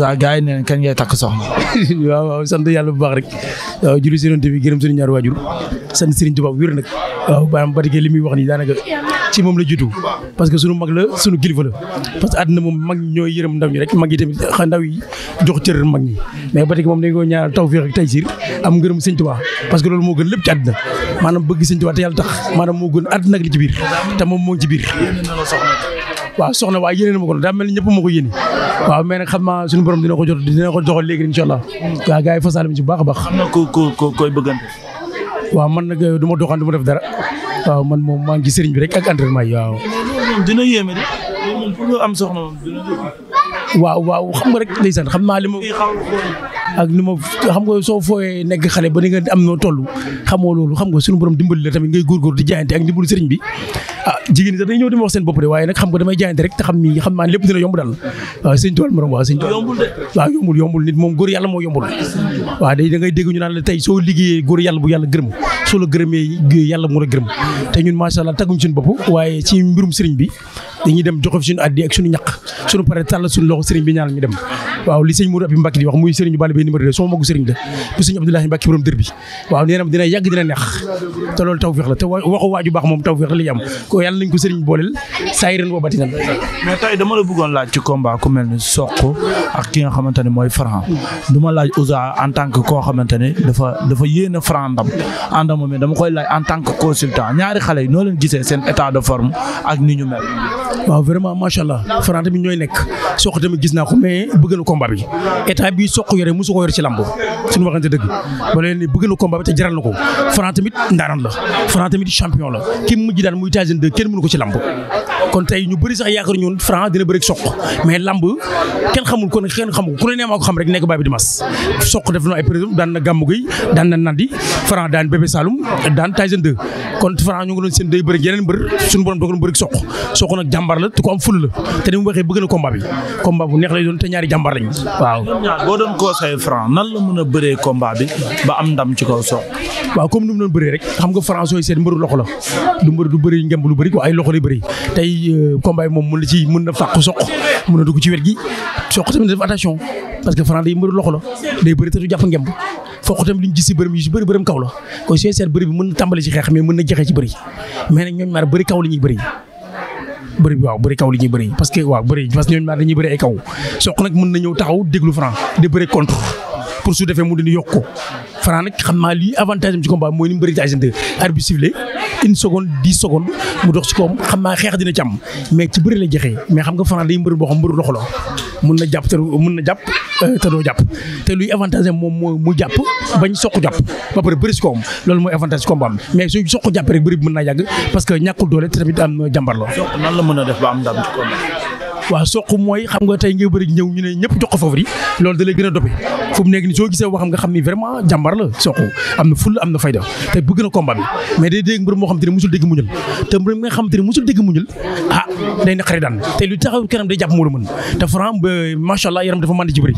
waaw gars yi neen kañ ngay takk soxna. waaw waaw sant yàlla bu baax rek. waaw julli si bi gërëm suñu ñaar waajur sant Serigne Touba wér nag. waaw maanaam Badike li muy wax ni daanaka ci moom la jiitu parce que sunu mag la sunu kilifa la parce que na moom mag ñooy yërëm ndaw ñi rek mag yi tamit xa ndaw yi jox cër mag ñi mais Badike moom dañ ko ñaanal tawfeex ak taysiir am ngërëm sëñ Tuubaa parce que loolu moo gën lépp ci àddina moo gën àddina ak li ci moo ngi ci biir waaw soxna waaye yéene na ma ko daa ma ko yéene waaw mais nag xam naa suñu borom dina ko jot dina ko joxal léegi incha a baax. ma doxaan ma def dara waaw man moom maa ngi sëriñ bi rek ak entraînement yi waaw. dina yéeme de pour rek ndeysaan xam naa li ak ni ma xam nga soo fooyee nekk xale ba ni nga am noo toll xamoo loolu xam nga suñu borom dimbali la tamit ngay góorgóor di jaayante ak ndimbalu sëriñ bi ah jigéen ñi dañuy ñëw di ma wax seen bopp de waaye nag xam nga damay jaayante rek te xam ni xam naa lépp dina yomb daal waaw ah, sëñ tool morom waaw sëñ moo yombul waaw day da ngay dégg ñu soo liggéeyee góor yàlla bu la gërëmee yàlla mu la gërëm te ñun macha allah tagguñ suñu bopp waaye ci mbirum sëriñ bi dañuy bi dem waaw li sëñ Mourou Abi Mbacke di wax muy sëriñ Balla bi waaw nee na dina yàgg dina neex te loolu tawfeex la te waxu waaju baax moom tawfeex la li am ko yàlla nañ ko sëriñ booleel saa yi ren boo mais tey dama la bëggoon laaj ci combat mel ni Sokh ak ki nga ne mooy Franc du ma laaj Ouza en tant que koo xamante ne dafa dafa yéene Franc ndam àndam mais dama koy laaj en tant que consultant ñaari xale yi noo leen gisee seen état de forme ak ni ñu mel. waaw vraiment macha allah Franc tamit ñooy nekk Sokh tamit gis naa ko mais bëgg na combat bi état bi Sokh yore mosu ko yore ci lamb suñu waxante dëgg ba léegi bëgg na combat na ko Franc tamit ndaanaan la Franc tamit champion la ki mujj daan muy Tyson de kenn mënu ko ci lamb kon tey ñu bëri sax yaakaar ñun Franc dina bëri soq mais lamb kenn xamul kon kenn xamul ku ne nee maa ko xam rek nekk baay bi di def na ay président daan na gàmmu gi daan na nandi Franc daan bébé Saloum daan Tyson 2 kon Franc ñu ngi doon seen day bëri yeneen mbër suñu borom dogal bëri soq soq nag jàmbaar la te ko am ful la te ni mu bëgg na combat bi combat bu neex lay doon te ñaari jàmbaar lañ waaw boo doon conseil Franc nan la mën a bëree combat bi ba am ndam ci kaw soq waaw comme ni mu doon bëree rek xam nga France yooyu seen mbëru loxo la du mbëru du bëri ngemb lu bëri ko ay loxo lay bëri tey euh, combat yi moom mën na ci na fàq soq mën na dugg ci wet gi soq tamit def attention parce que la day bëri te du jàpp ngemb foq tamit li ñu kaw la na tàmbali ci xeex mais mën na jeexee ci ñuy bëri bëri bi waaw bëri li ñuy bëri parce que waaw bëri parce que ñoom ñaar dañuy na ñëw taxaw déglu Franc di contre pour su defee mu dina yokk ko Franc nag xam naa lii avantage am ci combat mooy ni mu bëri ci agent arbitre bi une seconde dix secondes mu dox ci koom xam naa xeex dina ci mais ci bëri la jeexee mais xam nga Franc day mbër boo xam mbëru loxo la mun na jàpp te na jàpp euh, te doo jàpp te luy avantage am moom mooy mu jàpp bañ soq jàpp ba pare bëri ci koom loolu mooy avantage combat am mais suy soq jàpp rek bëri bi mën naa yàgg parce que ñàkkul doole te tamit am la. lan la waaw soq mooy xam nga tey ngay bëri ñëw ñëpp jox ko favori loolu da gën a dope fu mu nekk ni soo gisee waxam nga xam ni vraiment jàmbar la soq am na ful am na fayda te bëgg na combat bi mais day dégg mbër moo xam te ne musul dégg muñul te mbër te ne musul dégg muñul ah day naqari daan te lu taxaw kanam day jàpp moo la mën te franc macha allah yaram dafa mën ci bëri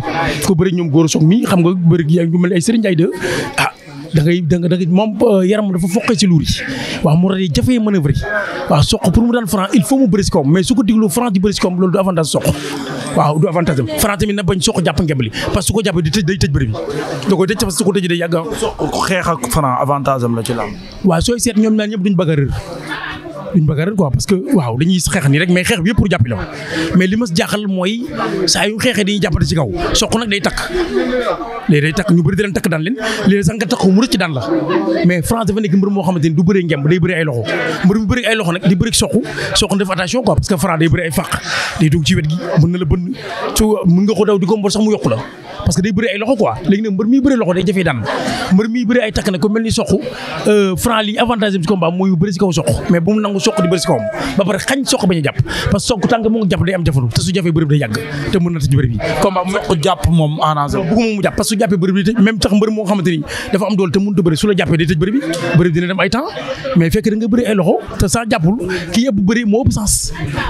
ko ñoom góor soog mi xam nga bëri ñu mel ay Serigne Ndiaye de da ngay da moom euh, yaram dafa foqee ci luur yi waaw mu jafee manœuvre yi soq pour mu daan franc il faut mu bëri si mais su ko digloo franc di bëri si koom loolu du avantage soq waaw du avantage am franc tamit na bañ soq jàpp ngemb li parce di tëj day tëj bëri bi da tëj parce que su tëj day yàgg. soq xeex avantage am la ci lamb. waaw sooy seet ñoom ñaar ñëpp duñ bëgg duñ bëgg rek quoi parce que waaw dañuy xeex nii rek mais xeex bi yëpp pour jàppale ko mais li ma mooy saa xeexee dañuy jàppale ci kaw soq nag day takk léegi day takk ñu bëri di leen nga takk mu rëcc daan mais France dafa nekk mbër moo xamante du bëree ngemb day bëri ay loxo mbër mu ay loxo nag di bëri soq soq def attention quoi parce que France day bëri ay fàq day dugg ci wet gi mën na la bënn su mën nga ko daw di ko mbot sax mu yokku la parce que day bëri ay loxo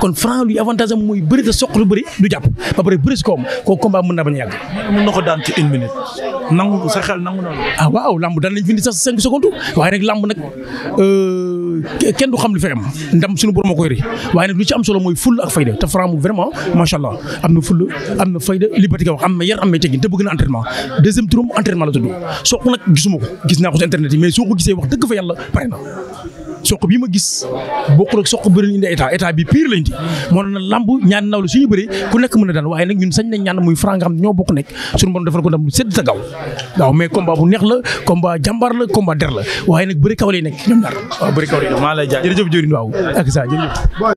kon franc li avantage mooy buy bëri te soq lu bëri du jàpp ba pare bëri si koom kooku combat mën na bañ a yàgg. mën na ko daan ci une minute. nangu sa ah waaw lamb daan lañ findi sax cinq secondes waaye nag lamb nag euh, kenn xam lu fay am ndam suñu borom a koy waaye nag lu ci am solo mooy ful ak fayda te Franc vraiment macha allah am na ful am na fayda liberté nga wax am na yar am na teggin te bëgg na entraînement deuxième turam entraînement la tudd soq nag gisuma ko gis naa ko si internet mais soo ko gisee wax dëgg fa yàlla pare na soq bi ma gis bokkul ak soq bëri indi état état bi pire lañ di moo tax na lamb ñaan naw la suñu bëree ku nekk mën a daan waaye nag ñun sañ nañ ñaan muy franc nga ñoo bokk nekk suñu borom defal ko ndam sedd sa gaw waaw mais combat bu neex la combat jàmbaar la combat der la waaye nekk ñoom kaw lay nekk maa lay jaajëf waaw ak sa jërëjëf